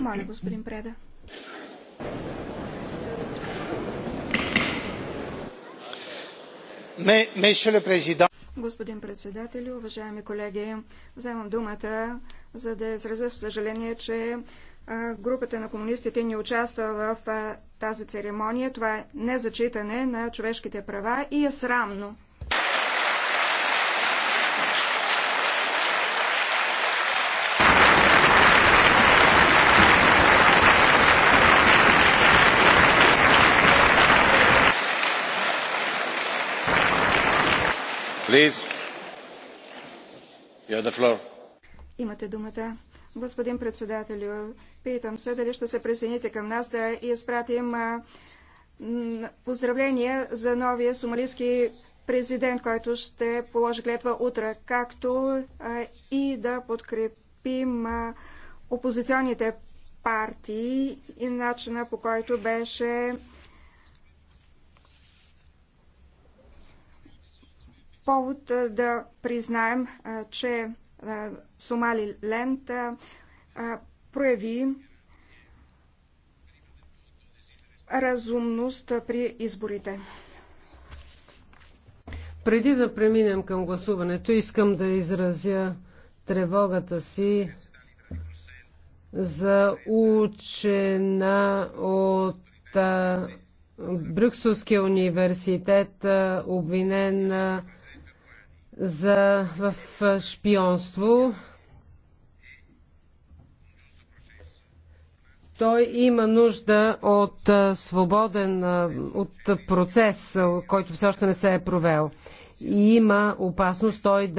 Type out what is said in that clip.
Моля, господин Преда. Господин председател, уважаеми колеги, вземам думата, за да изразя съжаление, че групата на комунистите не участва в тази церемония. Това е незачитане на човешките права и е срамно. Имате Господин председател, питам се дали ще се присъедините към нас да изпратим поздравления за новия сомалийски президент, който ще положи клетва утре, както и да подкрепим опозиционните партии и начина по който беше повод да признаем, че Сомали Ленд прояви разумност при изборите. Преди да преминем към гласуването, искам да изразя тревогата си за учена от а, Брюкселския университет, обвинена за, в шпионство. Той има нужда от свободен от процес, който все още не се е провел. И има опасност той да